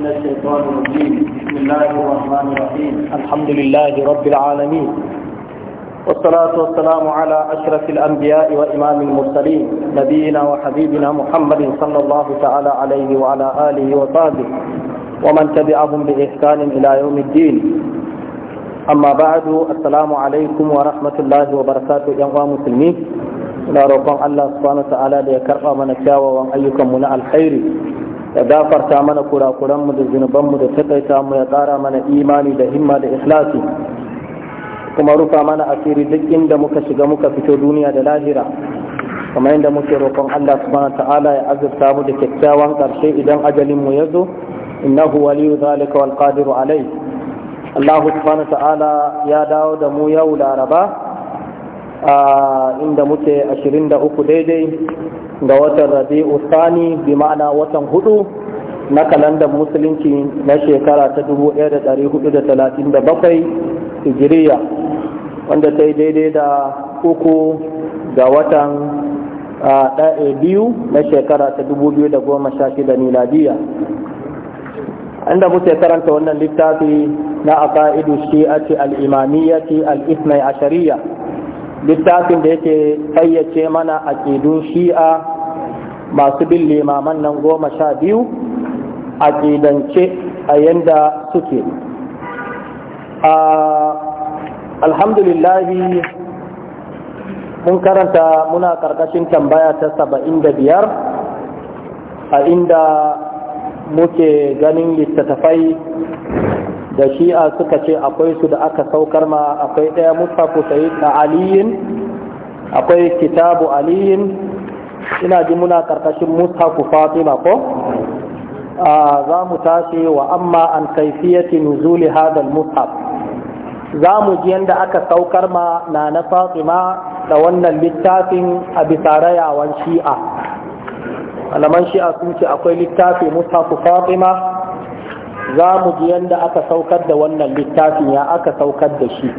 من الشيطان الرجيم بسم الله الرحمن الرحيم الحمد لله رب العالمين والصلاة والسلام على أشرف الأنبياء وإمام المرسلين نبينا وحبيبنا محمد صلى الله تعالى عليه وعلى آله وصحبه ومن تبعهم بإحسان إلى يوم الدين أما بعد السلام عليكم ورحمة الله وبركاته يا مسلمين نرجو الله سبحانه وتعالى ta'ala da ya ومن أيكم kyawawan الخير ya gafarta mana kurakuranmu da zunubanmu da takaita mu ya ƙara mana imani da himma da ikhlasi kuma rufa mana asiri duk inda muka shiga muka fito duniya da lahira kamar yadda muke roƙon Allah subhanahu ta'ala ya azurta mu da kyakkyawan ƙarshe idan ajalin mu ya zo innahu waliyu zalika wal qadiru alai Allah subhanahu ta'ala ya dawo da mu yau laraba inda muke 23 daidai ga watan rabi'u sani bi ma'ana watan hudu na kalandar musulunci na shekara ta 1437 hijiriya wanda ta yi daidai da uku ga watan ɗaya biyu na shekara ta 2016 miladiya inda muke karanta wannan littafi na aka aqaidu shi al-imamiyyati al a shari'a. littafin da yake fayyace mana aƙidun shi'a masu bin limaman nan goma sha biyu aƙidance a yanda suke alhamdulillahi mun karanta muna ƙarƙashin tambaya ta saba'in da biyar a inda muke ganin littattafai da shi'a suka ce akwai su da aka saukar ma akwai ɗaya mushafu sai na aliyin akwai kitabu aliyin ina ji muna karkashin Mustapha fatima ko za mu tashi wa amma an kaifiyati nuzuli hadal Mustapha za mu ji yadda aka saukar ma na na fatima da wannan littafin a bisa rayawan shi'a malaman shi'a sun ce akwai littafi Mustapha fatima za mu ji yadda aka saukar da wannan littafin ya aka saukar da shi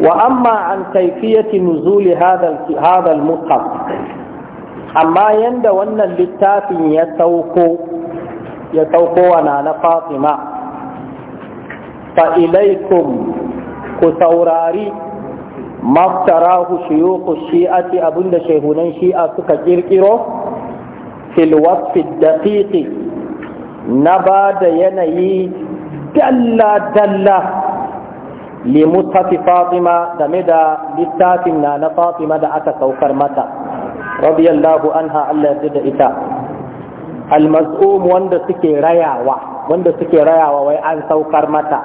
wa amma an kaifiyati nuzuli hadha al amma yanda wannan littafin ya sauko ya sauko wa na Fatima fa'ilaikum ku saurari maftarahu shuyukhu shi'ati abinda shehunan shi'a suka kirkiro fil wasfi daqiqi na ba da yanayi dalla-dalla limustafi fatima game da littafin na na fatima da aka saukar mata radiyallahu anha Allah ya da ita almas'um wanda suke rayawa wanda suke rayawa wai an saukar mata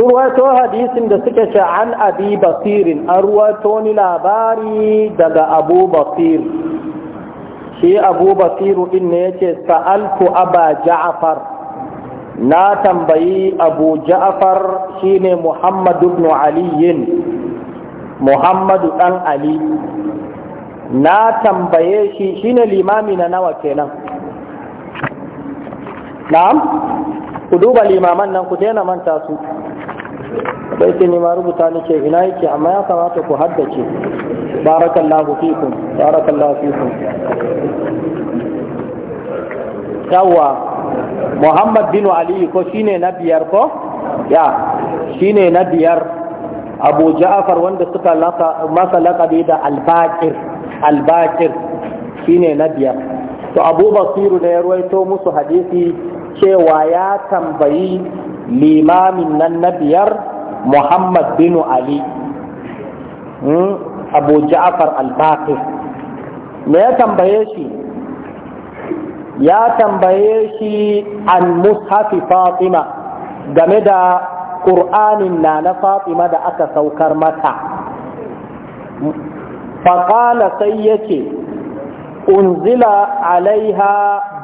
ruwaito hadisin da suke ce an abi basirin an ruwaito ni labari daga abu basir shi abu basiru din ne yace sa'altu aba Ja'afar, na tambayi abu shi shine Muhammadu ibn ali muhammadu dan ali na tambaye shi shine limami na nawa kenan na'am ku duba limaman nan ku daina manta su da yake ne ma rubuta ni ce ina yake amma ya kamata ku haddace barakallahu fikum barakallahu fikum yawwa muhammad bin ali ko shine na biyar ko ya shine na biyar abu ja'far wanda suka masa laqabi da al-baqir al-baqir shine na biyar to abu basiru da ya ruwaito musu hadisi cewa ya tambayi limamin nan na biyar muhammad bin ali hmm, abu ja'far al me ya tambaye shi ya tambaye shi an mushafi fatima game da ƙur'anin na na fatima da aka saukar mata faƙala sai yake unzila alaiha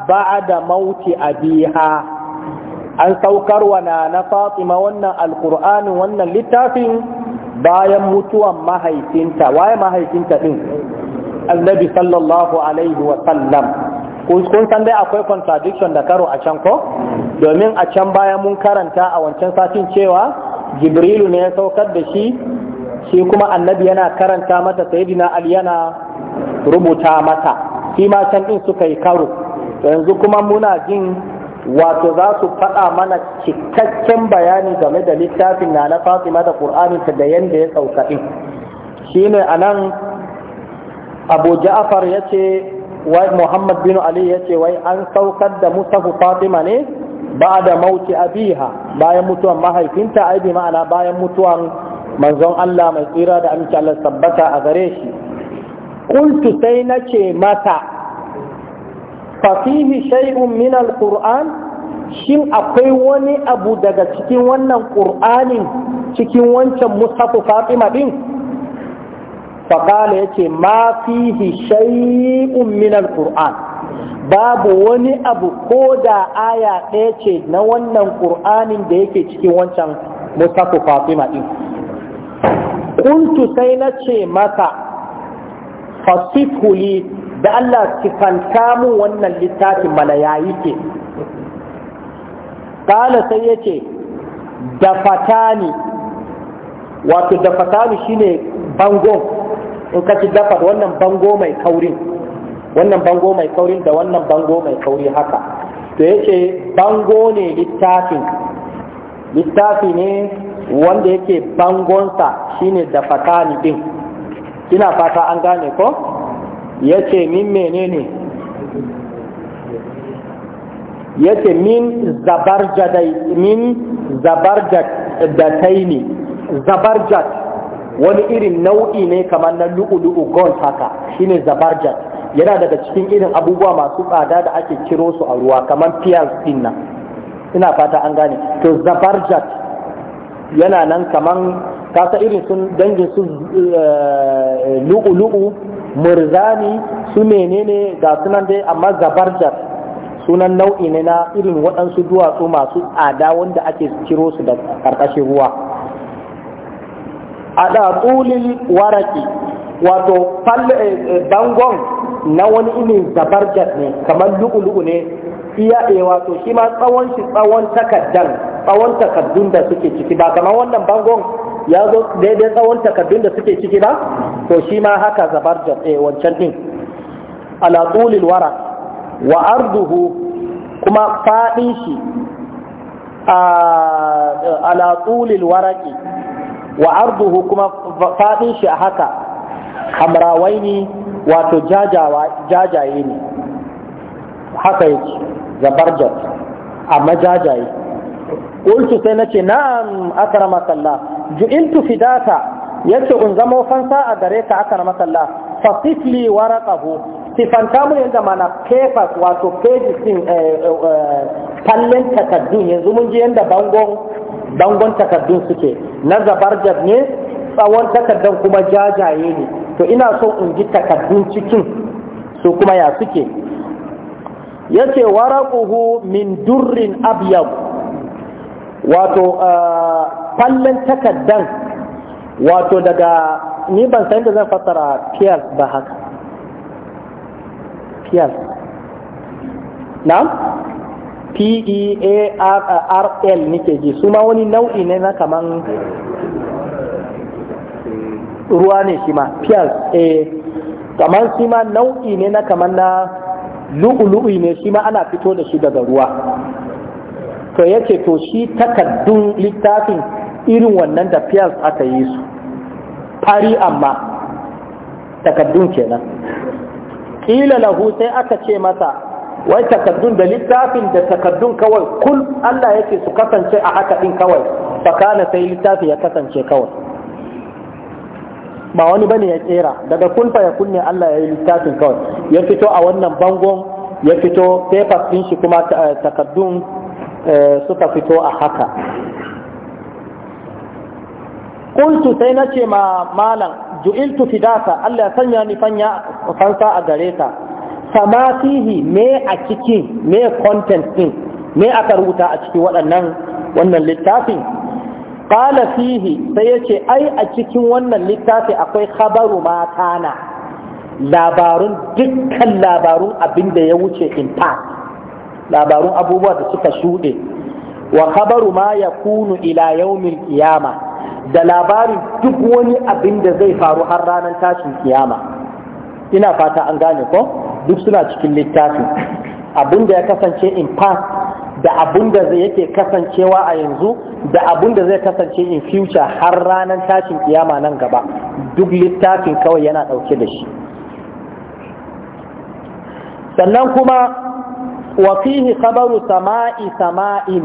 ba'ada mauti abiha an saukar wa na Fatima wannan alkur'ani wannan littafin bayan mutuwan mahaifinta waye mahaifinta din annabi sallallahu alaihi wa sallam kun san dai akwai contradiction da karo a can ko domin a can bayan mun karanta a wancan satin cewa jibrilu ne ya saukar da shi shi kuma annabi yana karanta mata sayyidina ali yana rubuta mata shi ma can din suka yi karo yanzu kuma muna jin wato za su faɗa mana cikakken bayani game da littafin na na fatima da ta da yadda ya saukaɗi shi ne a nan abu ja'afar ya ce wai muhammad bin ali ya ce wai an saukar da mustafa fatima ne ba da mauti abiha bayan mutuwan mahaifinta ai bi ma'ana bayan mutuwan manzon allah mai tsira da amince allah tabbata a gare shi kultu sai na ce mata fafihi shay'un min alquran shin akwai wani abu daga cikin wannan qur'anin cikin wancan mushafu fatima din faqala yace ma fihi shay'un min babu wani abu ko da aya ɗaya ce na wannan qur'anin da yake cikin wancan mushafu fatima din kuntu sai na ce mata fasifuli da Allah sifanta mu wannan littafin mana ya yi ke kala sai ya ce da fatani wato da fatani shine bango in ka ci dafa wannan bango mai kaurin wannan bango mai kaurin da wannan bango mai kauri haka to ya ce bango ne littafin littafi ne wanda yake bangonsa shine da fatani din ina fata an gane ko? ya ce min menene ya ce min zabarjatai ne zabarjad wani irin nau'i ne kamar na lu'ulu'u gold haka shine zabarjat yana daga cikin irin abubuwa masu tsada da ake kiro su a ruwa kamar piyas din ina fata an gane to zabarjad yana nan kamar kasa irin sun dangin su eh, lu'ulu'u murzani su menene ga sunan dai amma zabarjar sunan nau'i ne na irin waɗansu duwatsu masu tsada wanda ake ciro su da ƙarƙashin ruwa a ɗatsulil waraki wato eh, eh, bangon na wani irin zabarjar ne kamar lu'ulu'u ne iya e wato shi ma tsawon shi tsawon takardun da suke ciki ba kamar wannan bangon ya zo daidai tsawon takardun da suke ciki ba to shi ma haka zabar da eh, wancan din ala tulil wara wa arduhu kuma fadin shi ala tulil waraki wa arduhu kuma fadin shi a haka hamrawai ne wato jajaye ne haka yake zabarjat amma jajaye qultu sai nace na'am akramakallah ju'iltu fidaka yace in zama fansa a gare ka masalla fa sifli waraqahu sifanta mu yanda mana papers wato pages din fallen takaddun yanzu mun ji yanda bangon bangon takaddun suke na zabar ne tsawon takaddan kuma jajaye ne to ina so in ji takaddun cikin su kuma ya suke yace waraquhu min durrin abyad wato ah, fallon takaddan wato daga ni ban san da zan fassara piyar ba haka piyar na p-e-a-r-l nike ji su ma wani nau'i ne na kaman ruwa ne shi ma piyar eh. kaman shi ma nau'i ne na kaman na lu'ulu'i ne shi ma ana fito da shi daga ruwa to yake to shi takaddun littafin irin wannan da fiyas aka yi su fari amma takaddun kenan Ƙila lahu sai aka ce masa wai takaddun da littafin da takaddun kawai kul Allah yake su kasance a haka ɗin kawai fakana sai littafi ya kasance kawai ba wani bane ya kera daga kulfa ya kunne Allah ya yi littafin kawai ya fito a wannan bangon ya fito papers ɗin shi kuma eh, takaddun Eh, suka fito a haka kultu sai na ce ma malam ju'iltu fidaka Allah sanya ni fanya fansa a gare ta, sama fihi me a cikin, me content din me aka rubuta a cikin waɗannan wannan littafin qala fihi sai yace ai a cikin wannan littafi akwai khabaru mata na, labarun dukkan labarun abin da ya wuce in fact labarun abubuwa da suka shuɗe wa khabaru ma yakunu ila yaumil qiyama da labarin duk wani abin da zai faru har ranar tashin kiyama ina fata an gane ko duk suna cikin littafin abin da ya kasance in past da abin da zai yake kasancewa a yanzu da abin da zai kasance in future har ranar tashin kiyama nan gaba duk littafin kawai yana ɗauke da shi sannan kuma wa fihi khabaru sama'i sama'in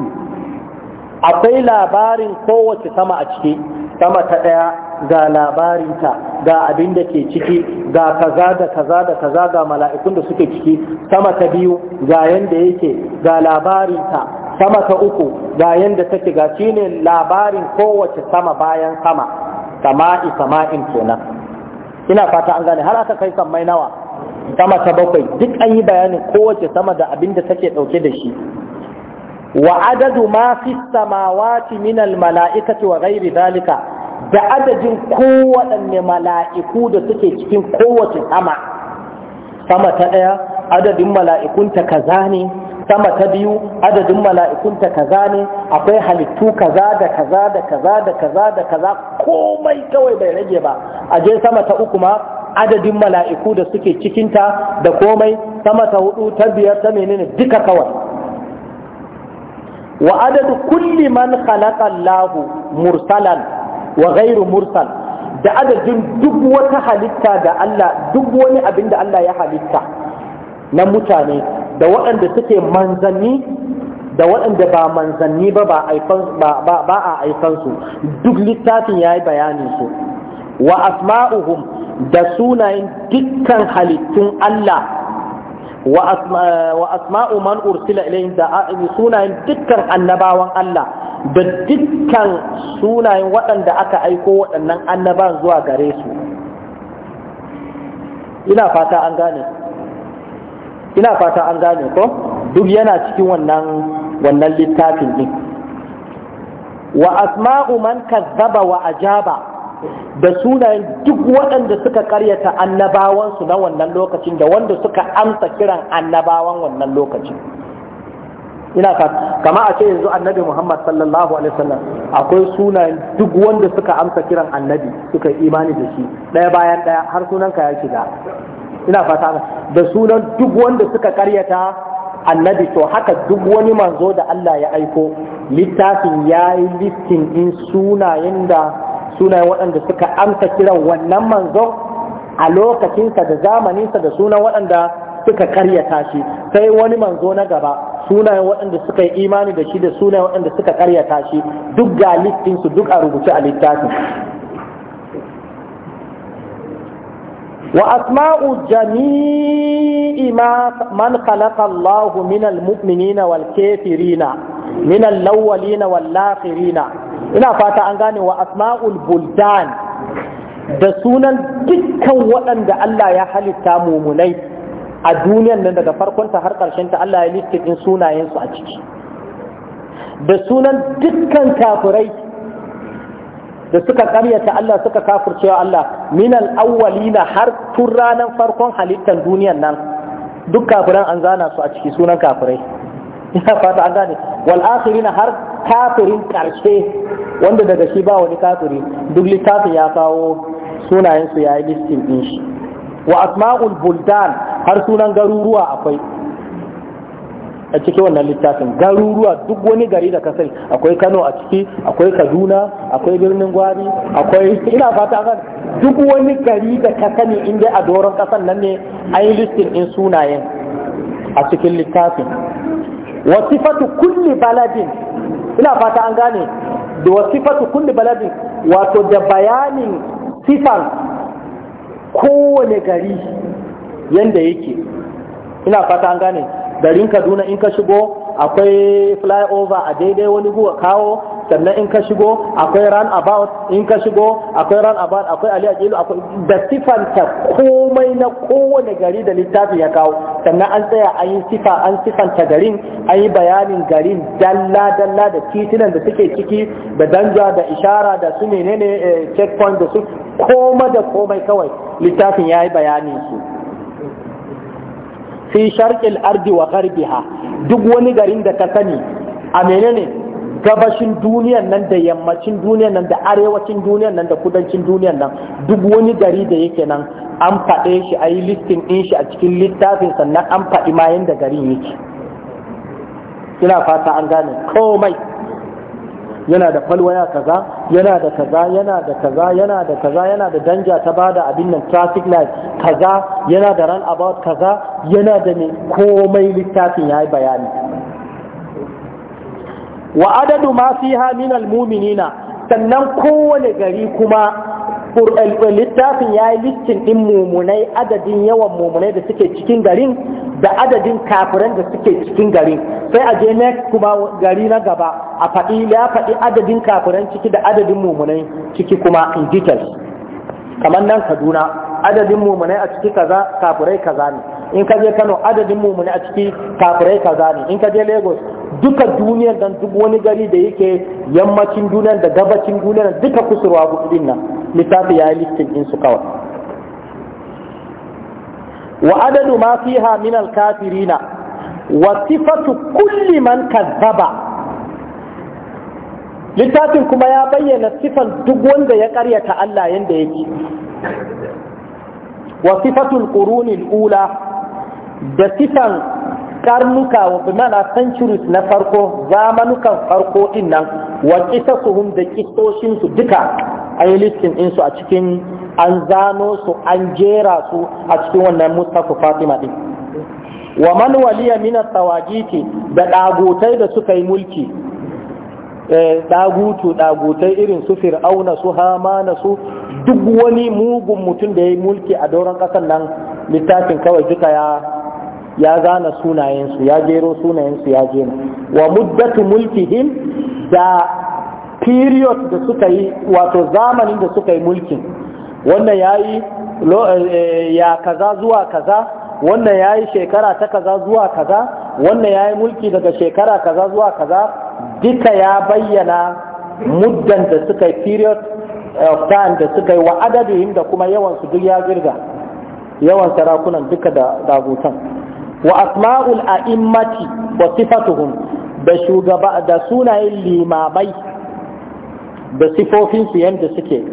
akwai labarin kowace sama a ciki sama ta ɗaya ga labarinta ga abin da ke ciki ga kaza da kaza da kaza ga mala'ikun da suke ciki sama ta biyu ga yanda yake ga labarinta sama ta uku ga yanda take ga shine labarin kowace sama bayan sama sama'i sama'in kenan ina fata an gane har aka kai sammai nawa sama ta bakwai duk an yi bayanin kowace sama da abin da take ɗauke da shi wa adadu ma fi samawati min mala'ikati wa ghairi zalika da adadin kowaɗanne mala'iku da suke cikin kowace sama sama ta ɗaya adadin mala'ikunta kaza ne sama ta biyu adadin mala'ikunta kaza ne akwai halittu kaza da kaza da kaza da kaza da kaza komai kawai bai rage ba a je sama ta uku ma adadin mala'iku da suke cikinta da komai sama ta hudu ta biyar ta menene duka kawai wa adadu kulli man khalaqa Allah mursalan wa ghairu mursal da adadin duk wata halitta da Allah duk wani abin da Allah ya halitta na mutane da waɗanda suke manzanni da waɗanda ba manzanni ba ba a aifansu, duk littafin ya yi bayani su wa asma'uhum da sunayen dukkan halittun Allah wa asma'u man ursila ilayhim da sunayen dukkan annabawan Allah da dukkan sunayen waɗanda aka aiko waɗannan annaban zuwa gare su ina fata an gane ina fata an gane ko duk yana cikin wannan wannan littafin din wa asma'u man kazzaba wa ajaba da sunayen duk waɗanda suka karyata annabawansu na wannan lokacin da wanda suka amsa kiran annabawan wannan lokacin ina fata kama a ce yanzu annabi Muhammad sallallahu alaihi wasallam akwai sunayen duk wanda suka amsa kiran annabi suka imani da shi ɗaya bayan ɗaya har sunanka ya shiga ina fata da sunan duk wanda suka karyata annabi to haka duk wani manzo da Allah ya aiko littafin ya yi listin din sunayen da sunayen waɗanda suka amsa kiran wannan manzo a lokacinsa da zamaninsa da sunan waɗanda suka karyata shi sai wani manzo na gaba sunayen waɗanda suka yi imani da shi da sunayen waɗanda suka karyata shi duk ga su duk a rubuce a littafin Wa جميع ما من خلق الله من المؤمنين والكافرين من الأولين والآخرين ina fata an gane wa asma'ul buldan da sunan dukkan waɗanda Allah ya halitta mumunai a duniyan nan daga farkonta har ta Allah ya listin sunayensu a ciki da sunan dukkan kafirai da suka karyata Allah suka kafurcewa Allah minal awwalina har tun ranar farkon halittar duniyan nan duk kafiran an zana su a ciki sunan kafirai ina fata an gane wal akhirina har kafirin karshe wanda daga shi ba wani kafiri duk littafin ya kawo sunayen su yayi listin din shi wa asma'ul buldan har sunan garuruwa akwai a cikin wannan littafin garuruwa duk wani gari da ka sani akwai Kano a ciki akwai Kaduna akwai birnin Gwari akwai ina fata an duk wani gari da ka sani inda a doron kasan nan ne a yi listin in sunayen a cikin littafin wasu sifatu kulli baladin ina fata an gane da wasu sifatu kulli baladin wato da bayanin sifan kowane gari yanda yake ina fata an gane garin kaduna in ka shigo akwai flyover a daidai wani guwa kawo sannan in ka shigo akwai run about in ka shigo akwai run about akwai ali ajilu akwai da sifanta komai na kowane gari da littafi ya kawo sannan an tsaya an yi sifa an sifanta garin an yi bayanin garin dalla dalla da titunan da suke ciki da danja da ishara da su menene eh, checkpoint da su koma da komai kawai littafin ya yi bayanin su fi sharqil ardi wa gharbiha duk wani garin da ka sani a menene gabashin duniyan nan da yammacin duniyan nan da arewacin duniyan nan da kudancin duniyan nan duk wani gari da yake nan an faɗe shi a yi listin ɗin shi a cikin littafin sannan an faɗi ma da garin yake ina fata an gane komai yana da falwaya kaza yana da kaza yana da kaza yana da kaza yana da danja ta bada abin nan traffic light kaza yana da run about kaza yana da ne komai littafin yayi bayani wa adadu ma fiha min muminina sannan kowane gari kuma littafin ya yi listin ɗin mumunai adadin yawan mumunai da suke cikin garin da adadin kafiran da suke cikin garin sai a je next kuma gari na gaba a faɗi ya faɗi adadin kafiran ciki da adadin mumunai ciki kuma in details kamar nan kaduna adadin mumunai a ciki kaza kafirai kaza ne in ka je kano adadin mumunai a ciki kafirai kaza ne in ka je lagos duka duniyar dan duk wani gari da yake yammacin duniyar da gabacin duniyar duka kusurwa hudu nan littafi ya yi listin din su kawai wa adadu ma fiha min al wa sifatu kulli man kazzaba littafin kuma ya bayyana sifan duk wanda ya karyata Allah yanda yake wa sifatul qurunil ula da sifan karnuka wa bimana centuries na farko zamanukan farko din nan wa kisasuhum da kisoshinsu duka an yi listin din su a cikin an zano su an jera su a cikin wannan mustafa fatima din wa man waliya min tawagiti da dagutai da suka yi mulki dagutu eh, ɗagutai irin su fir'auna su na su duk wani mugun mutum da ya yi mulki a doron ƙasar nan littafin kawai duka ya ya zana sunayensu ya jero sunayensu ya jena wa muddatu mulkihim da period da suka yi wato zamanin da suka yi mulkin wannan ya yi eh, ya kaza zuwa kaza wannan ya yi shekara ta kaza zuwa kaza wannan ya yi mulki daga shekara kaza zuwa kaza duka ya bayyana muddan da suka yi period eh, of time da suka yi wa adadin da kuma yawansu duk ya girga yawan sarakunan duka da dagutan wa asma'ul a'immati wa sifatuhum da shugaba da sunayen limamai da sifofinsu yadda suke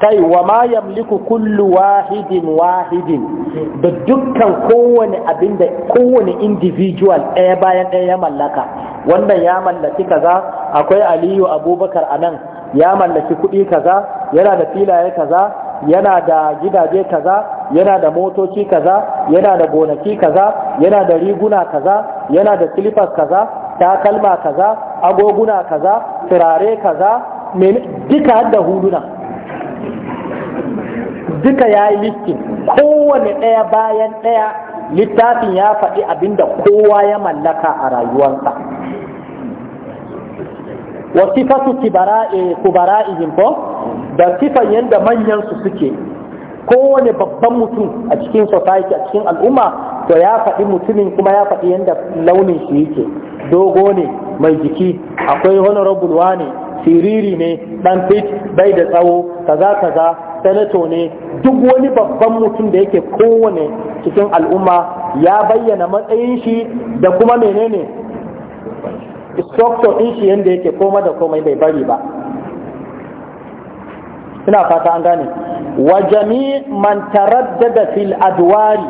kai wa ma yamliku kullu wahidin wahidin da dukkan kowane abin da kowane individual ɗaya bayan ɗaya ya mallaka wannan ya mallaki kaza akwai aliyu abubakar a nan ya mallaki kuɗi kaza yana da filaye kaza yana da gidaje kaza yana da motoci kaza yana da gonaki kaza yana da riguna kaza yana da silifas kaza takalma kaza agoguna kaza turare kaza duka da huduna duka ya yi listin kowane ɗaya bayan ɗaya littafin ya faɗi abinda kowa ya mallaka a rayuwarsa wa kubara kubara'ihim ko da sifan yadda manyansu suke kowane babban mutum a cikin society a cikin al'umma to ya faɗi mutumin kuma ya faɗi yadda launin shi yake dogo ne mai jiki akwai honorable ne siriri ne dan fit bai da tsawo kaza kaza sanato ne duk wani babban mutum da yake kowane cikin al'umma ya bayyana matsayin shi da kuma menene structure din shi yadda yake koma da komai bai bari ba ina fata an gane wa jami man taraddada fil adwari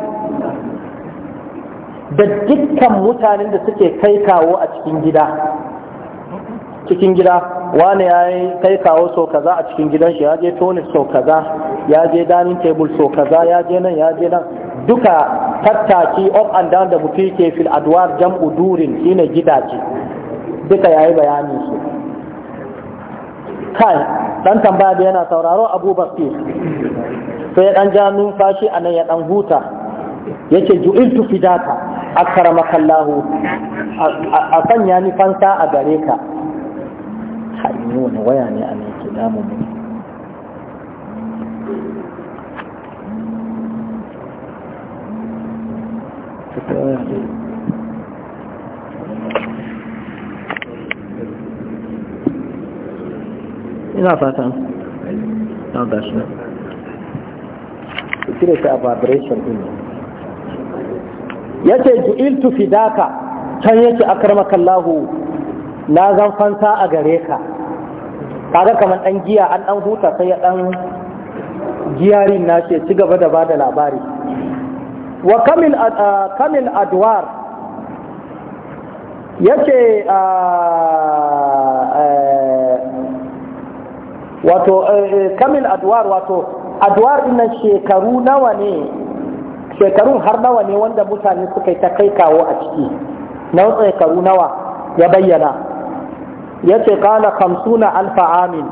da dukkan mutanen da suke kai kawo a cikin gida cikin gida wani ya yi kai kawo so kaza a cikin gidan shi ya je toni so kaza ya je dining table so kaza ya je nan ya je nan duka tattaki up and down da mutu ke fil adwar jam'u durin shine gidaje duka yayi bayani su kai dan tambaya da yana sauraro Abu Bakir sai ya dan ja numfashi anan ya dan huta yace ju'iltu fidaka akramakallahu a sanya ni fanta a gare ka haɗin wani waya ne a nan ke damu mu ina fatan na gashi na kire ta a vibration din ya ce ju'iltu fidaka can yake akarmakallahu na zan fansa a gare ka kaga kamar ɗan giya an ɗan huta sai ya ɗan giyarin na ce ci gaba da bada labari wa kamil adwar ya ce wato kamil adwar wato adwar ina shekaru nawa ne shekarun har nawa ne wanda mutane suka yi ta kai kawo a ciki na shekaru nawa ya bayyana ya ce kala kamsuna alfa amin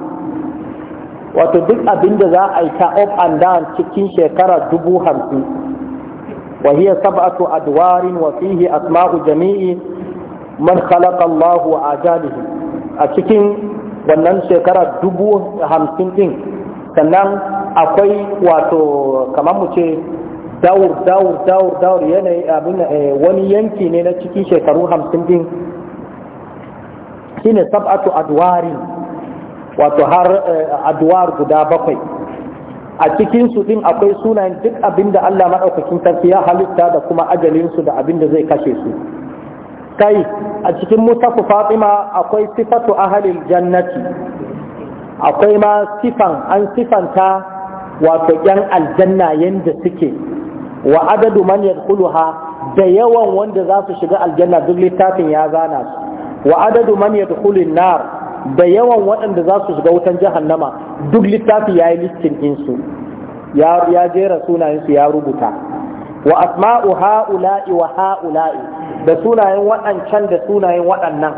wato duk abin da za a yi ta up and down cikin shekara dubu hamsin wa hiya sab'atu adwarin wa fihi asma'u jami'i man khalaqa Allahu ajalihi a cikin wannan shekara dubu hamsin din sannan akwai wato kamar mu ce daur daur daur daur yanayi abin eh, wani yanki ne na cikin shekaru hamsin din shine sab'atu adwari wato har eh, adwar guda bakwai a cikin su din akwai sunayen duk abinda Allah madaukakin sarki ya halitta da kuma ajalin su da abinda zai kashe su kai a cikin mutafu Fatima akwai sifatu ahalil jannati akwai ma sifan an sifanta wato yan aljanna yanda suke wa adadu man yadkhuluha da yawan wanda za su shiga aljanna duk littafin ya zana su wa adadu man yadkhulun da yawan waɗanda za su shiga wutan jahannama duk littafi ya yi listin ɗinsu ya jera sunayensu ya rubuta wa asma'u ha'ula'i wa ha'ula'i da sunayen waɗancan da sunayen waɗannan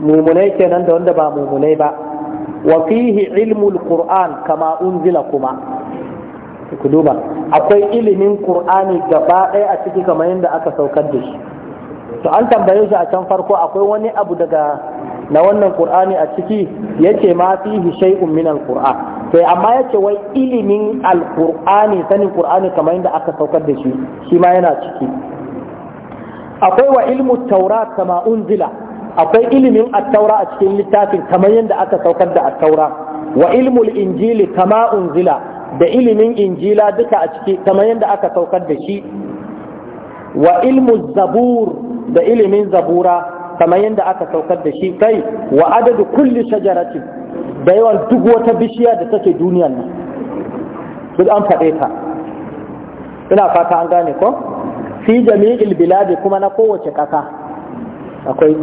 mumunai kenan da wanda ba mumunai ba wa fihi ilmul qur'an kama unzila kuma ku duba akwai ilimin qur'ani gaba ɗaya a ciki kamar yadda aka saukar da shi to an tambaye shi a can farko akwai wani abu daga na wannan qur'ani a ciki yace ma fihi shay'un min alquran sai amma yace wai ilimin alqur'ani sanin qur'ani kamar yadda aka saukar da shi shi ma yana ciki akwai wa ilmu taurat kama unzila akwai ilimin at-taura a cikin littafin kamar yadda aka saukar da at-taura wa ilmu injili kama unzila da ilimin injila duka a ciki kamar yadda aka saukar da shi wa ilmu zabur da ilimin zabura kamar yadda aka saukar da shi kai wa adadu kulli shajaratin da yawan duk wata bishiya da take duniyar nan duk an faɗe ta ina fata an gane ko fi jami'il biladi kuma na kowace ƙasa akwai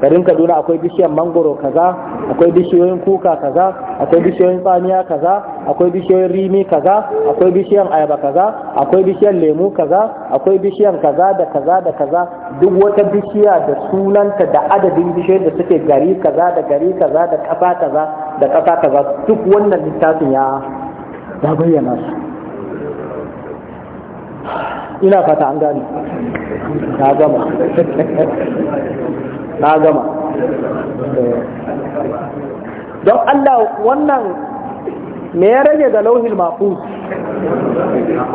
garin kaduna akwai bishiyar mangoro kaza akwai bishiyoyin kuka kaza akwai bishiyoyin tsamiya kaza akwai bishiyoyin rimi kaza akwai bishiyar ayaba kaza akwai bishiyar lemu kaza akwai bishiyar kaza da kaza da kaza duk wata bishiya da sunanta da adadin bishiyoyin da suke gari kaza da gari kaza da kasa kaza da kasa kaza duk wannan littafin ya ya bayyana su ina fata an gane ta gama na gama don Allah wannan me ya rage da lauhin mafu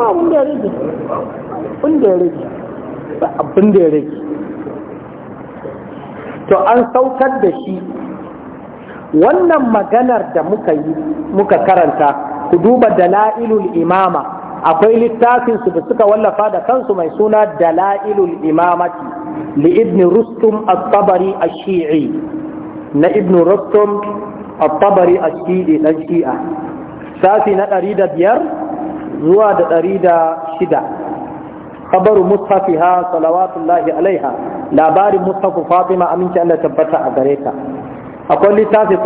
ba abin da ya rage abin da ya rage da ya rage to an saukar da shi wannan maganar da muka yi muka karanta ku duba dala'ilul imama akwai littafinsu da suka wallafa da kansu mai suna dala'ilul imamati li ibn rustum at-tabari ash-shi'i na ibn rustum at-tabari ash-shi'i dan shi'a safi na ɗari da biyar zuwa da ɗari da shida kabaru mustafiha salawatullahi alaiha labarin mustafa fatima aminci Allah tabbata a gare akwai littafi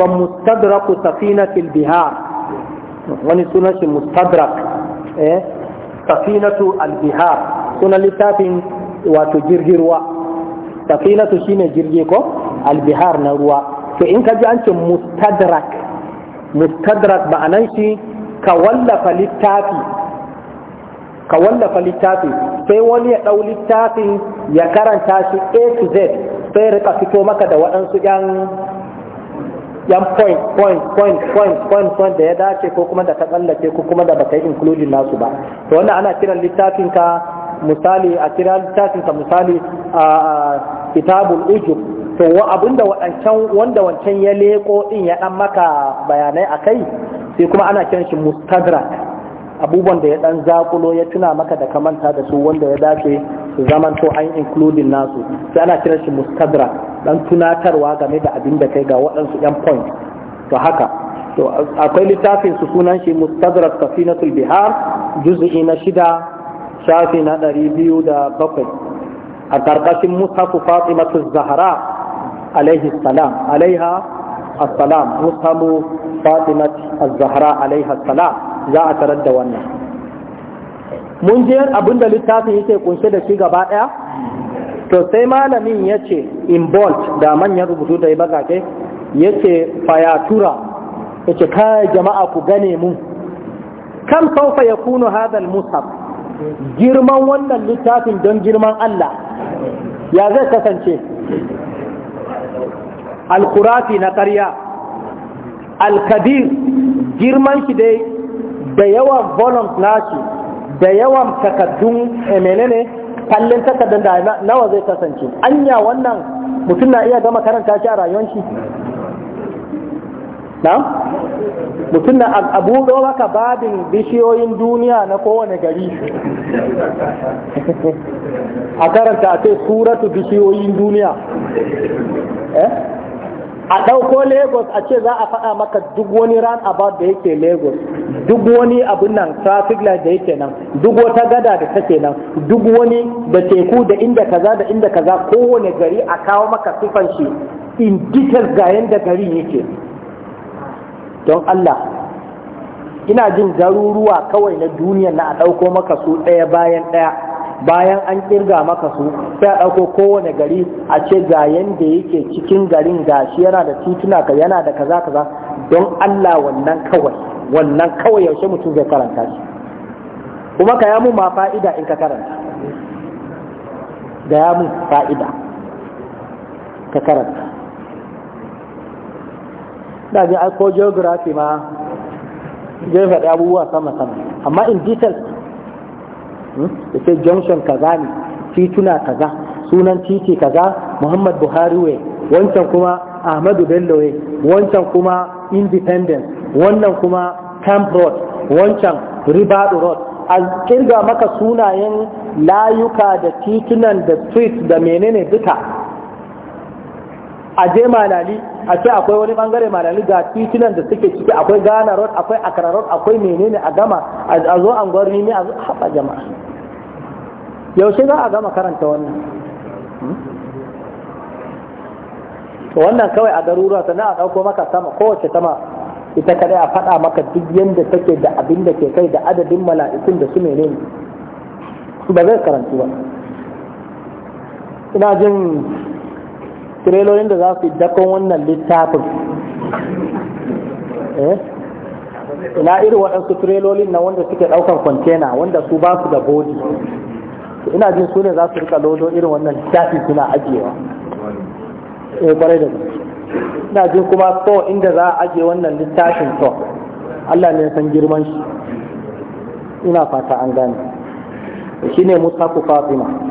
wani suna shi mustadrak eh safinatu al-bihar sunan littafin wato jirgin ruwa safinatu shine jirgi ko albihar na ruwa to in ka ji an ce mustadrak mustadrak anan shi ka wallafa littafi ka wallafa littafi sai wani ya ɗau littafin ya karanta shi a to z sai rika fito maka da waɗansu yan yan point point point point point point da ya dace ko kuma da ta tsallake ko kuma da baka yi inclusion nasu ba to wannan ana kiran littafin ka misali a kira littafin misali a kitabul ujub to abinda wancan wanda wancan ya leko din ya dan maka bayanai akai sai kuma ana kiran shi mustadrak abubuwan da ya dan zakulo ya tuna maka da kamanta da su wanda ya dace su zaman to an including nasu sai ana kiran shi mustadrak dan tunatarwa game da abin da kai ga waɗansu yan point to haka to akwai littafin su sunan shi mustadrak safinatul bihar juz'i na shida shafi na ɗari biyu da bakwai a ƙarƙashin mushafu fatimatu zahara, alaihi salam alaiha assalam mushafu fatimatu zahra alaiha salam za a tarar da wannan mun je abinda littafin yake kunshe da shi gaba ɗaya to sai malamin ya ce in bolt da manyan rubutu da ya ke, ya ce fayatura ya ce jama'a ku gane mu kam saufa ya kunu hadal mushaf girman wannan littafin don girman Allah ya zai kasance alkurafi na karya alkadir girman shi dai da yawan volumes nashi da yawan takaddun eh, menene kallon takaddun da nawa zai kasance anya wannan mutum na iya gama karanta shi a rayuwar shi na mutum na abu maka babin bishiyoyin duniya na kowane gari a karanta a ce suratu bishiyoyin duniya eh? a ɗauko lagos a ce za a faɗa maka duk wani ran about da yake lagos duk wani abin nan traffic light da yake nan duk wata gada da take nan duk wani da teku da inda kaza da inda kaza kowane gari a kawo maka sifan shi in details ga yanda garin yake don Allah ina jin garuruwa kawai na duniya na a ɗauko maka su ɗaya bayan ɗaya bayan an ƙirga maka su sai a ɗauko kowane gari a ce ga yanda yake cikin garin gashi yana da tituna ka yana da kaza kaza don Allah wannan kawai wannan kawai yaushe mutum zai karanta shi kuma ka yamu ma fa'ida in ka karanta ga yamu fa'ida ka karanta da ji ko geography ma zai faɗi abubuwa sama sama amma in detail da hmm, ce junction kaza ne tituna kaza sunan titi kaza muhammad buhari wai wancan kuma ahmadu bello wai wancan kuma independence wannan kuma camp road wancan ribadu road a kirga maka sunayen layuka da titunan da street da menene duka a je malali a ce akwai wani bangare malali ga titunan da suke ciki akwai ghana road akwai accra road akwai menene a gama a zo an gwarni ne a zo haɓa jama'a yaushe za a gama karanta wannan hmm? wannan kawai a garuruwa sannan a ɗauko maka sama kowace sama ita kadai a faɗa maka duk yadda take da abin da ke kai da adadin mala'ikun da su menene ba zai karantu ba ina jin tirelolin da za su dakon wannan littafin eh? ina irin waɗansu tirelolin na wanda suke ɗaukar kwantena wanda su ba su da bodi ina jin su ne za su rika lodo irin wannan littafin suna ajiyewa eh kware da ina jin kuma ko inda za a ajiye wannan littafin to Allah ne san girman shi ina fata an gane shine mutaku fatima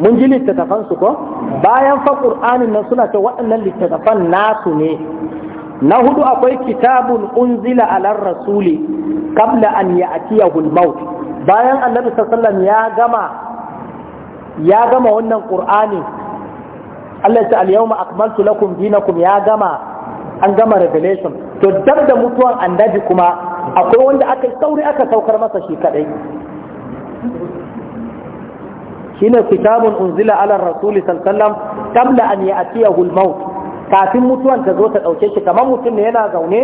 mun ji littattafan su ko bayan fa qur'anin nan suna cewa waɗannan littattafan nasu ne na hudu akwai kitabun unzila alar rasuli qabla an ya'tiyahu al-maut bayan annabi sallallahu ya gama ya gama wannan qur'ani Allah ta al-yawma akmaltu lakum dinakum ya gama an gama revelation to dab da mutuwan annabi kuma akwai wanda aka sauri aka saukar masa shi kadai shine kitabun unzila ala rasul sallallahu qabla an ya'tiyahu al-maut kafin mutuwan ta zo ta dauke shi kamar mutum ne yana zaune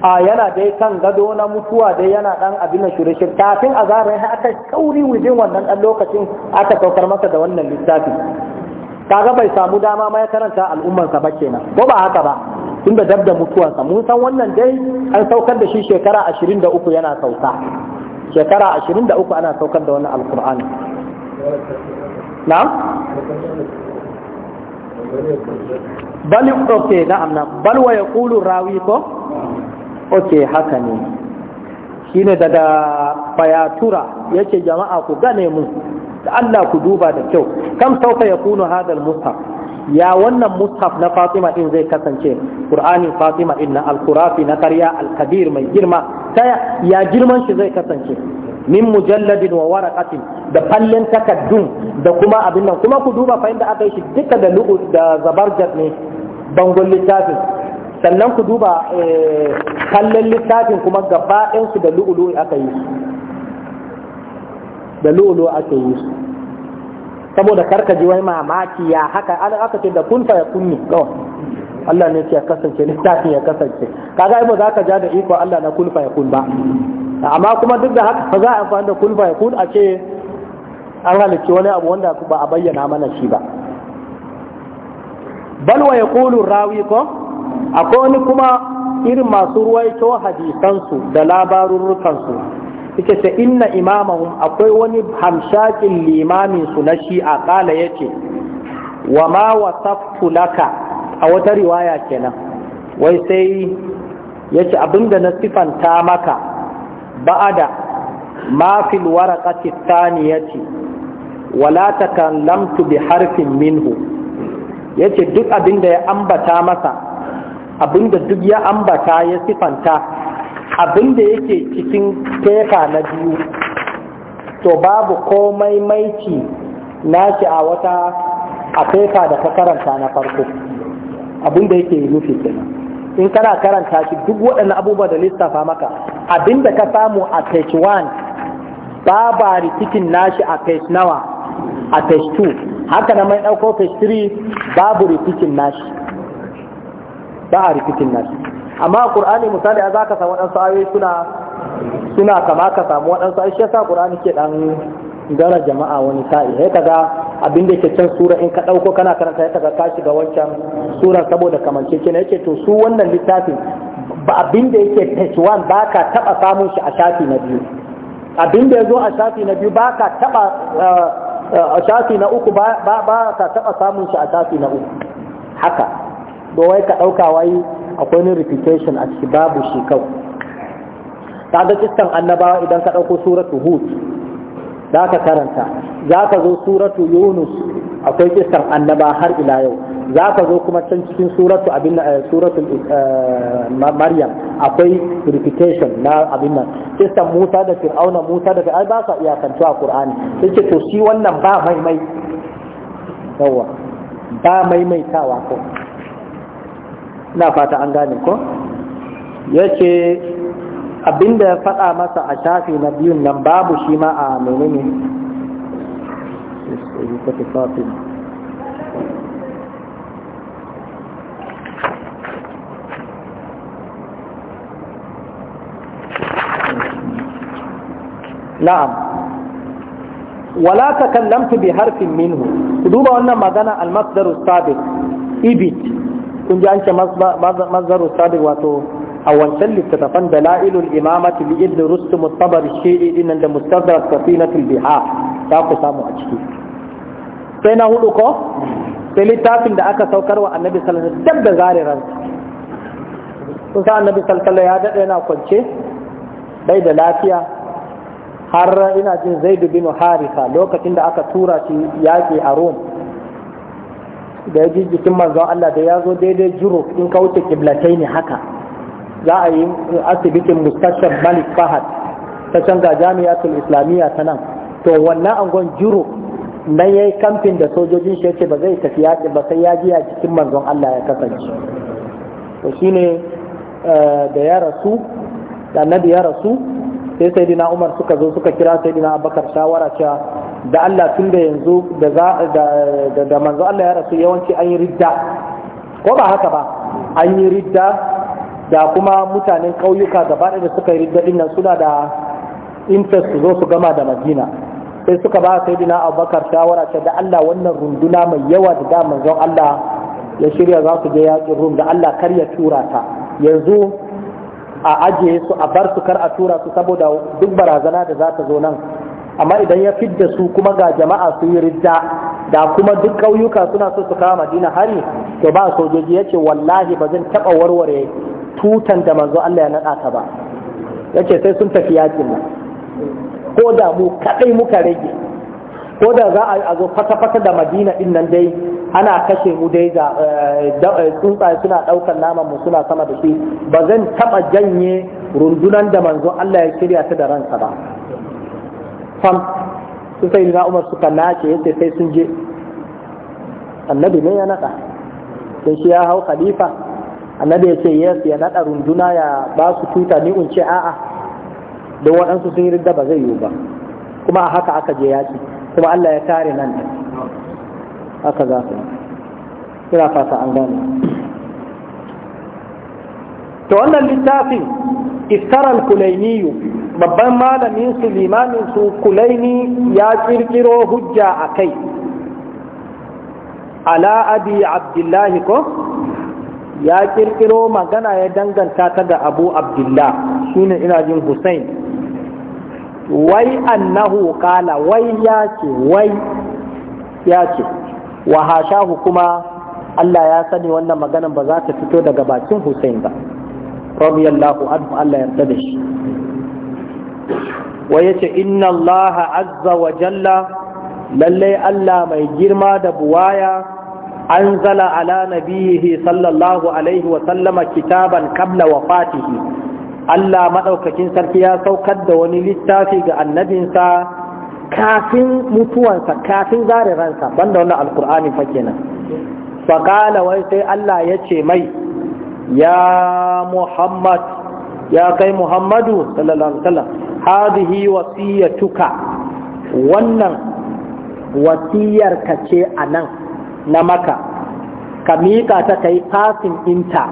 a yana dai kan gado na mutuwa dai yana dan abin na shirye kafin a zara ya aka kauri wajen wannan dan lokacin aka saukar masa da wannan littafi kaga bai samu dama ma ya karanta sa ba kenan ko ba haka ba tunda dabda mutuwa sa mun san wannan dai an saukar da shi shekara 23 yana sauka shekara 23 ana saukar da wannan alkur'ani na'am bal okay na'am na'am bal wa yaqulu rawi ko okay haka ne shine daga fayatura yace jama'a ku gane mu da Allah ku duba da kyau kam sauka yakunu hadal mushaf ya wannan mushaf na Fatima din zai kasance Qur'anin Fatima din na al-Qurafi na ƙarya al-Kabir mai girma ta ya girman shi zai kasance min mujalladin wa waraqatin da fallen takaddun da kuma abin nan kuma ku duba fa inda aka yi shi duka da lu'u da zabarjat ne bangon littafin sannan ku duba eh, fallen littafin kuma gaba su da lu'u aka yi da lu'u aka yi su saboda karka ji wai mamaki ya haka an aka ce da kun fa ya kunni kawai Allah ne ya kasance littafin ya kasance kaga ai ba za ka ja da iko Allah na kun fa ya kun ba amma kuma duk da haka fa za a amfani da kun fa yakun a ce an halicci wani abu wanda ba a bayyana mana shi ba bal wa yaqulu rawi ko akwai wani kuma irin masu ruwaito hadisansu da labarurrukansu yake ce inna imamahum akwai wani hamshakin limamin su na shi'a kala yace wa ma wasaftu laka a wata riwaya kenan wai sai yace abinda na sifanta maka ba'ada ma fil waraqati thaniyati wala takallamtu bi harfin minhu yace duk abin da ya ambata masa abin da duk ya ambata ya sifanta abin da yake cikin tefa na biyu to babu komai maici nashi a wata a tefa da ta karanta na farko abin da yake nufi kenan in kana karanta shi duk waɗannan abubuwa da lissafa maka abinda ka samu a page 1 ba rikicin nashi a page nawa a page 2 haka na mai ɗauko page 3 babu rikicin nashi ba a rikicin nashi amma a ƙur'ani misali a za ka samu waɗansu ayoyi suna suna kama ka samu waɗansu ayoyi shi ya sa ƙur'ani ke ɗan gara jama'a wani sa'i sai ka ga abin da yake can sura in ka ɗauko kana karanta taga ka shiga wancan sura saboda Kina yake to su wannan littafin ba abin da yake page one ba ka taɓa samun shi a shafi na biyu abin da ya zo a shafi na biyu ba ka taɓa eh, eh, a shafi na uku ba ka taɓa samun shi a shafi na uku haka wai ka ɗauka wai akwai ni reputation a ciki babu shi kawai ta ga kistan annabawa idan ka ɗauko suratu hud za ka karanta za ka zo suratu yunus akwai kisan annaba har ila yau za ka zo kuma can cikin suratu abin eh, suratu eh, maryam akwai purification na abin nan kisan musa da fir'auna musa da fir'auna ba sa iyakantuwa a Kur'ani, sai ce to shi wannan ba mai yawa ba maimaitawa ko na fata an gane ko yace abinda ya faɗa masa a shafi na biyun nan babu shi ma a menene na'am wala takallamtu bi harfin minhu ku duba wannan magana al-masdaru sabiq ibit kun ji an ce masdaru sabiq wato a wancan littattafan da la'ilul imamati bi ibn rustum tabar shi'i dinnan da mustadrak safinatul biha ta ku samu a ciki sai na hudu ko sai littafin da aka saukar wa annabi sallallahu alaihi wasallam da zare ransa kun sa annabi sallallahu alaihi wasallam ya dade yana kwance bai da lafiya har ina jin zai dubi mu harisa lokacin da aka tura shi yaki a rome da ya ji jikin manzon Allah da ya zo daidai juro in ka wuce kiblatai ne haka za a yi asibitin mustashar malik fahad ta canza ga jami'atul islamiyya ta nan to wannan angon juro ya yi kamfin da sojojin shi yace ba zai tafi yaƙi ba sai ya ji a cikin manzon Allah ya kasance to shine eh, da ya rasu da annabi ya rasu sai sayyidina Umar suka zo suka kira sayyidina Abubakar shawara cewa da Allah tun da yanzu da da da manzon Allah ya rasu yawanci an yi ridda ko ba haka ba an yi ridda da kuma mutanen ƙauyuka gaba da suka yi daɗin nan suna da interest su zo su gama da madina sai suka ba sai dina abubakar shawara ta da allah wannan runduna mai yawa da daman manzon allah ya shirya za su je yaƙin rum da allah kar ya tura ta yanzu a ajiye su a bar su kar a tura su saboda duk barazana da za ta zo nan amma idan ya fidda su kuma ga jama'a su yi ridda da kuma duk ƙauyuka suna so su kama madina hari to ba sojoji ya ce wallahi ba zan taɓa warware tutan da manzo Allah ya naɗa ta ba yace sai sun tafi yakin nan ko da mu kadai muka rage ko da za a zo fata-fata da madina din nan dai ana kashe mu dai ga eh, eh, tsuntsaye suna ɗaukar naman mu suna sama da shi ba zan taɓa janye rundunan da manzo Allah ya shirya ta da ransa ba fam su sai na umar suka nace yace sai sun je annabi ne ya naɗa sai shi ya hau khalifa annabi ya ce yes ya naɗa runduna ya ba su tuta ni in ce a'a don waɗansu sun yi rigda ba zai yiwu ba kuma a haka aka je yaki kuma Allah ya kare nan da aka za su ina fata an gane to wannan littafin iftaral kulainiyu babban malamin su limamin su kulaini ya kirkiro hujja a kai ala abi abdullahi ko ya kirkiro magana ya danganta ta ga abu abdullah shine ina jin hussein wai annahu kala wai ya ce wai ya ce wa hashahu kuma Allah ya sani wannan maganan ba za ta fito daga bakin Hussein ba radiyallahu anhu Allah yarda da shi wa ce, inna Allah azza wa jalla lallai Allah mai girma da buwaya أنزل على نبيه صلى الله عليه وسلم كتابا قبل وفاته Allah maɗaukakin sarki ya saukar da wani littafi ga annabinsa kafin mutuwansa kafin zare ransa banda wannan alkur'ani fa kenan faƙala wai sai Allah ya ce mai ya Muhammad ya kai Muhammadu sallallahu alaihi wasallam hadihi wasiyatuka wannan wasiyarka ce anan na maka ka miƙa ta ka yi fasin inta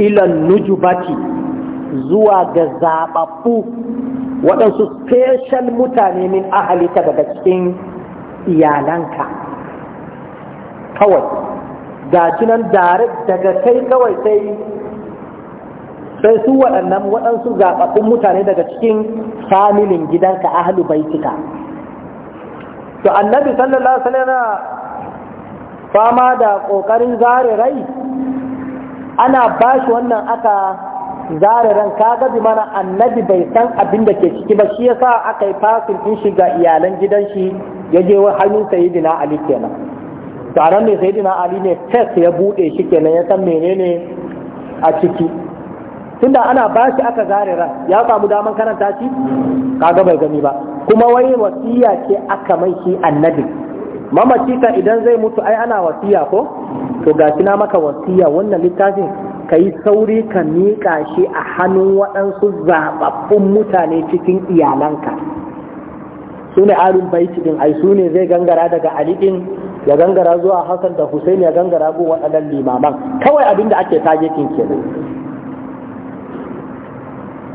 ilan nujubati zuwa ga zaɓaɓɓu waɗansu special mutane min ahalika daga cikin iyalanka kawai ga nan direct daga kai kawai sai sai su waɗannan waɗansu zaɓaɓɓun mutane daga cikin familin gidanka ahalu baitika to annabi sallallahu alaihi wasallam fama da ƙoƙarin zare rai ana ba shi wannan aka zare ran kaga bi mana annabi bai san abin da ke ciki ba shi yasa aka yi fasin in shi ga iyalan gidan shi ya je hannun sayidina ali kenan taron ne sayidina ali ne test ya buɗe shi kenan ya san menene a ciki tunda ana ba shi aka zare ran ya samu daman karanta shi kaga bai gani ba kuma wai wasiya ce aka mai shi annabi mamaci ka idan zai mutu ai ana wasiya ko to ga na maka wasiya wannan littafin ka yi sauri ka miƙa shi a hannun waɗansu zaɓaɓɓun mutane cikin iyalanka su ne alun baiti din ai su ne zai gangara daga ali ya gangara zuwa hassan da husaini ya gangara ko waɗannan limaman kawai abin da ake tagetin ke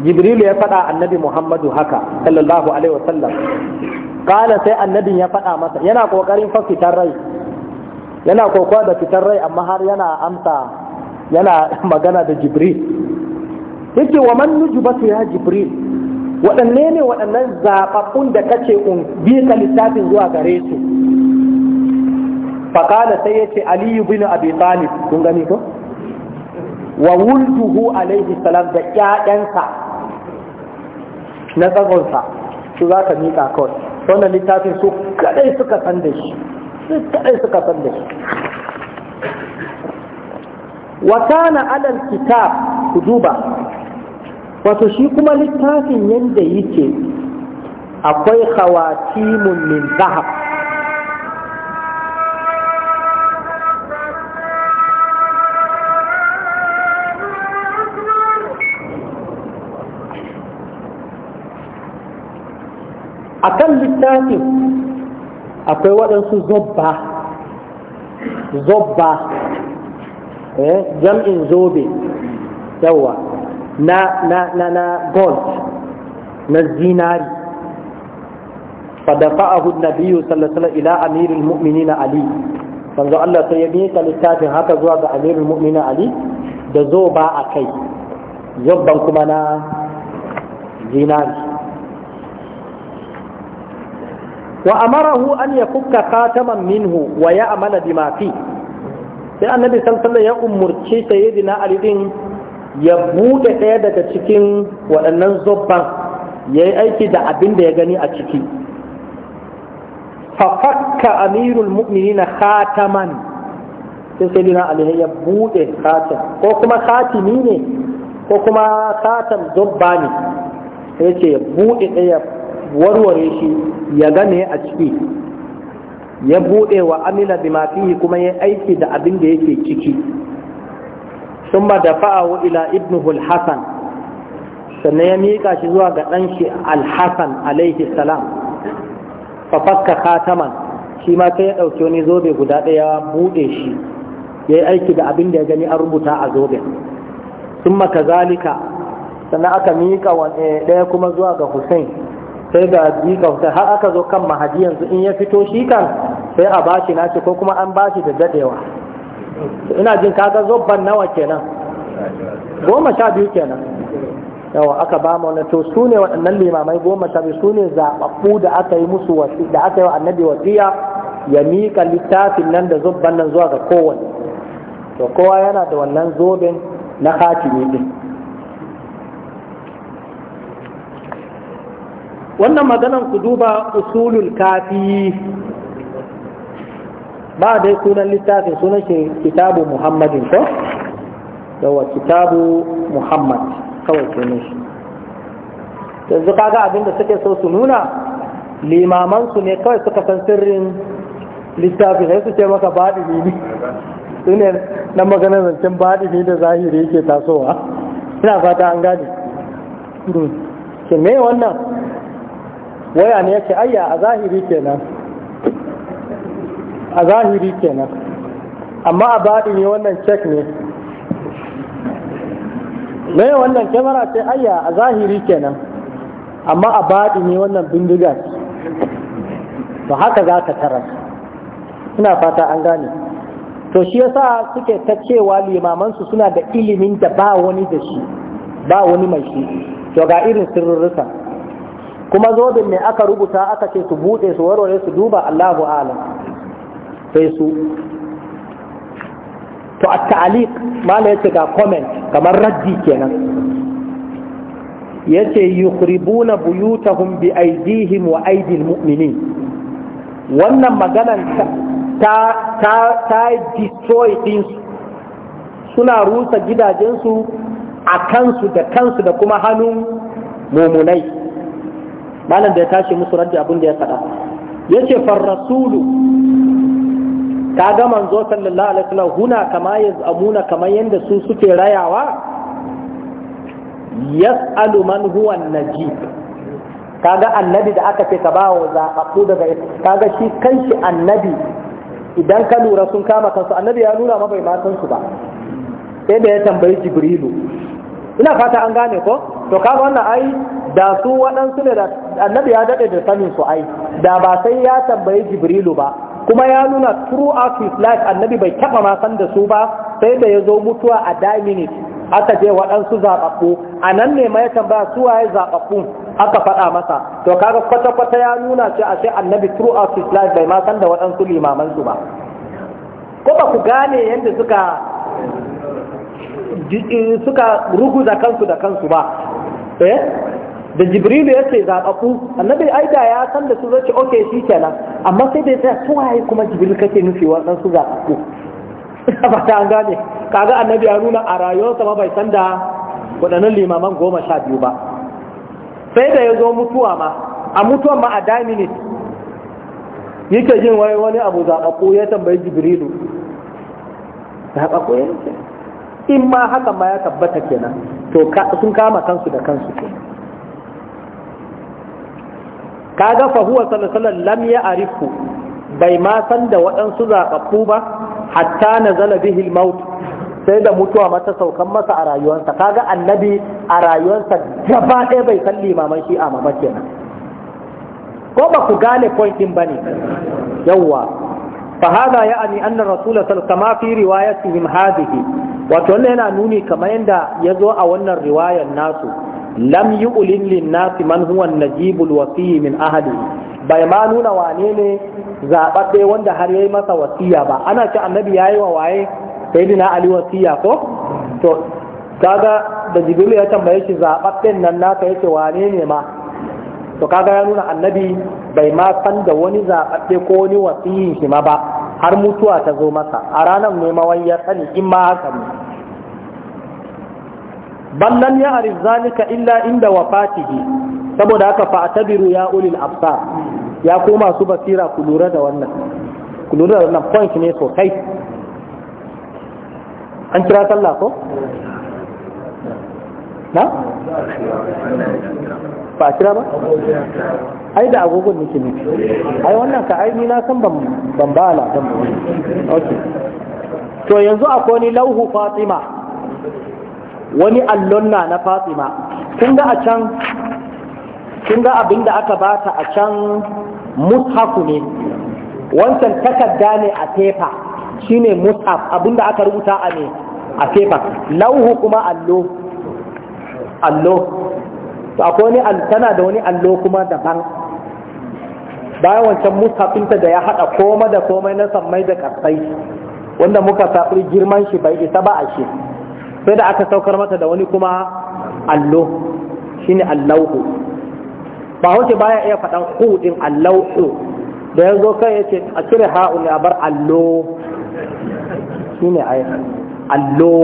jibrilu ya faɗa annabi muhammadu haka sallallahu alaihi wasallam kala sai annabin ya faɗa masa yana ƙoƙarin fa fitar rai yana kokowa da fitar rai amma har yana amsa yana magana da jibril yake wa man nujubatu ya jibril waɗanne ne waɗannan zaɓaɓɓun da kace un bi ka littafin zuwa gare su faƙala sai yace aliyu bin abi talib kun gani ko wa wultuhu alaihi salam da ƴaƴansa na tsagonsa su za ka miƙa kawai wannan littafin su kadai suka san da shi su kadai suka san da shi alal kitab ku duba wato shi kuma littafin yanda yake akwai khawatimun min zahab a kan littafin akwai waɗansu zobba zobba eh, jam'in zobe yawa na na na na gold na zinari fadafa'ahu nabiyyu sallallahu alaihi wasallam ila amirul mu'minin ali manzo Allah sai ya miƙa littafin haka zuwa ga amirul mu'minin ali da zo ba a kai yabban kuma na zinari wa amarahu an yakukka khataman minhu wa ya'mala bima fi sai annabi sallallahu ya umurci sayyidina ali din ya bude daya daga cikin waɗannan zobban yayi aiki da abinda ya gani a ciki fa fakka amirul mu'minina khataman sai sayyidina ali ya bude khatam ko kuma ko kuma zobba ne ce ya warware shi ya gane a ciki ya buɗe wa amila bima fihi kuma ya aiki da abin da yake ciki summa dafa'ahu ila ibnuhu al-hasan sannan ya mika shi zuwa ga dan shi al-hasan alaihi salam fa fakka khataman shi ma sai ya dauke wani zobe guda ɗaya buɗe shi ya aiki da abin da ya gani an rubuta a zobe summa kazalika sannan aka mika wani daya eh, kuma zuwa ga hussein sai ga jikauta har aka zo kan mahaji yanzu in ya fito shi kan sai a bashi nace ko kuma an bashi da dadewa ina jin kaga zobban nawa kenan goma sha biyu kenan yawa aka ba mu to su ne waɗannan limamai goma sha biyu su ne zaɓaɓɓu da aka yi musu wasi da aka yi wa annabi wasiya ya miƙa littafin nan da zobban nan zuwa ga kowane to kowa yana da wannan zoben na hatimi din wannan maganan ku duba usulul kafi ba dai sunan littafin sunan shi kitabu muhammadin ko yawa kitabu muhammad kawai sunan shi yanzu kaga abinda suke so su nuna limaman su ne kawai suka san sirrin littafin sai su ce maka baɗi ne su ne na maganar zancen baɗi ne da zahiri yake tasowa ina fata an gane shi hmm. me wannan waya ne yake ayya a zahiri kenan a zahiri kenan amma a baɗi ne wannan cek ne ne wannan kyamara ce ayya a zahiri kenan amma a baɗi ne wannan bindiga to haka za ka tara suna fata an gane to shi yasa suke ta cewa limamansu suna da ilimin da ba wani da shi ba wani mai shi to ga irin sirrurruka kuma zobin mai aka rubuta aka ce su buɗe su warware su duba Allahu alam sai su to a ta'aliq mala yace ga comment kamar raddi kenan yace yukhribuna buyutahum bi aidihim wa aidil mu'minin wannan maganan ta ta ta destroy things suna rusa gidajensu a kansu da kansu da kuma hannun mumunai malam da ya tashi musu raddi abin da ya faɗa yace far Ka ga manzo sallallahu alaihi wasallam huna kama yaz'amuna kamar yanda su suke rayawa yas'alu man huwa an-najib kaga annabi da aka ce ka bawo zaɓaɓɓu daga kaga shi kanshi annabi idan ka lura sun kama kansu annabi ya nuna ma bai ma ba sai da ya tambayi jibrilu ina fata an gane ko to kaga wannan ai da su waɗansu ne da annabi ya daɗe da sanin su ai da ba sai ya tambayi jibrilu ba kuma ya nuna throughout his life annabi bai taɓa ma san da su ba sai da ya zo mutuwa a die aka je waɗansu zaɓaɓɓu a nan ne ma ya tambaya su waye zaɓaɓɓun aka faɗa masa to kaga kwata-kwata ya nuna ce ashe annabi throughout his life bai ma san da waɗansu limaman su ba ko ba ku gane yadda suka Eh, suka ruguza kansu da kansu ba eh da jibrilu ya ce zaɓaɓu annabi aida ya san da su zace okay shi kenan amma sai da ya waye kuma jibrilu kake nufi wannan su zaɓaɓɓu ba ta an gane kaga annabi ya nuna a rayuwarsa ma bai san da waɗannan limaman goma sha biyu ba sai da ya zo mutuwa ma a mutuwan ma a daminit yake jin wani abu zaɓaɓu ya tambayi jibrilu zaɓaɓu ya nufi in ma haka ma ya tabbata kenan to sun kama kansu da kansu ke ka ga fahuwa sallallahu lam ya arifu bai ma san da waɗansu zaɓaɓɓu ba hatta na zala bihil maut sai da mutuwa mata saukan masa a rayuwarsa kaga annabi a rayuwarsa gaba ɗaya bai san limaman shi a mama ko ba ku gane point ba ne? yawwa ya ani ana rasulatan kama fiye riwaya shi himma bihi, wato yana nuni kamar yanda ya zo a wannan riwaya nasu, lamyi ulullin na fi manhuwar Najibu wasikimin ahali. Bai ma nuna wanene zababbe wanda har ya yi masa wasiya ba, ana shi annabi yayi wa waye sai Ali wasiya ko. Ta ga da Jibiru ya tambaye shi zababben nan naka yake wane ne ma. to kaga ya nuna annabi bai ma san da wani zaɓaɓɓe ko wani wasiyin shi ma ba har mutuwa ta zo masa a ranar ne mawan ya sani in ma haka ne Bannan ya arif zalika illa inda wafatihi saboda haka fa atabiru ya ulil ya koma su basira ku lura da wannan ku lura da wannan point ne sosai an kira sallah ko na ba kira ba ai da agogon nake nufi ai wannan ka ai ni na san ban ba la ban okay to yanzu akwai ni lauhu fatima wani allonna na fatima kun ga a can kun ga abin da aka bata a can mushafu ne wancan takarda ne a tefa shine mushaf abin da aka rubuta a ne a tefa lauhu kuma allo allo to akwai wani tana da wani allo kuma daban bayan wancan musafinta da ya haɗa koma da komai na sammai da ƙasai wanda muka safi girman shi bai isa ba a shi sai da aka saukar mata da wani kuma allo shine allahu ba wace baya iya faɗan hudin allahu da ya zo kai yace a cire ha'u ne bar allo shine allo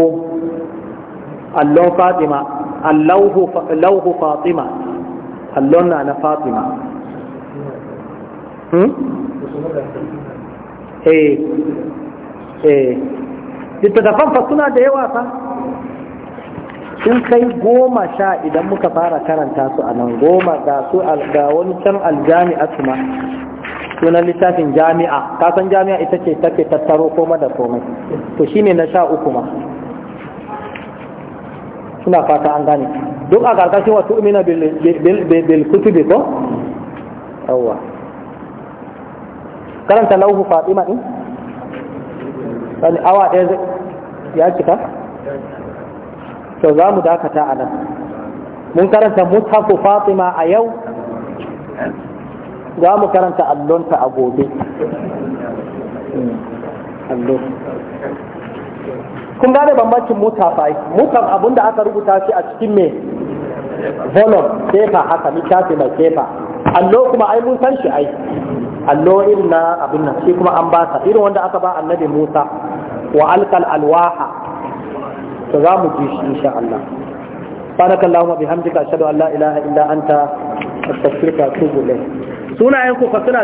allon fatima lauhu fatima allon na na fatima hmm? eh, eh. fa suna da yawa fa sun kai goma sha idan muka fara karanta su a nan goma ga su ga wani can aljami'a su ma sunan littafin jami'a kasan jami'a ita ce take tattaro koma da komai to shine na sha uku ma ina fata an gane duk a karkashin wa umina bil kutubi ko yawwa karanta lauhu fatima ɗin wani awa ɗaya ya cika to za mu dakata a nan mun karanta mutafu fatima a yau za mu karanta allonta a gobe hmm. kun gane bambancin muta fai mutan abun da aka rubuta shi a cikin me volume kefa haka littafi mai kefa allo kuma ai mun san shi ai allo irin na abin nan shi kuma an ba sa irin wanda aka ba annabi Musa wa alqal alwaha to za mu ji shi insha Allah barakallahu wa bihamdika ashhadu an la ilaha illa anta astaghfiruka wa atubu ilayk sunayen ku fa suna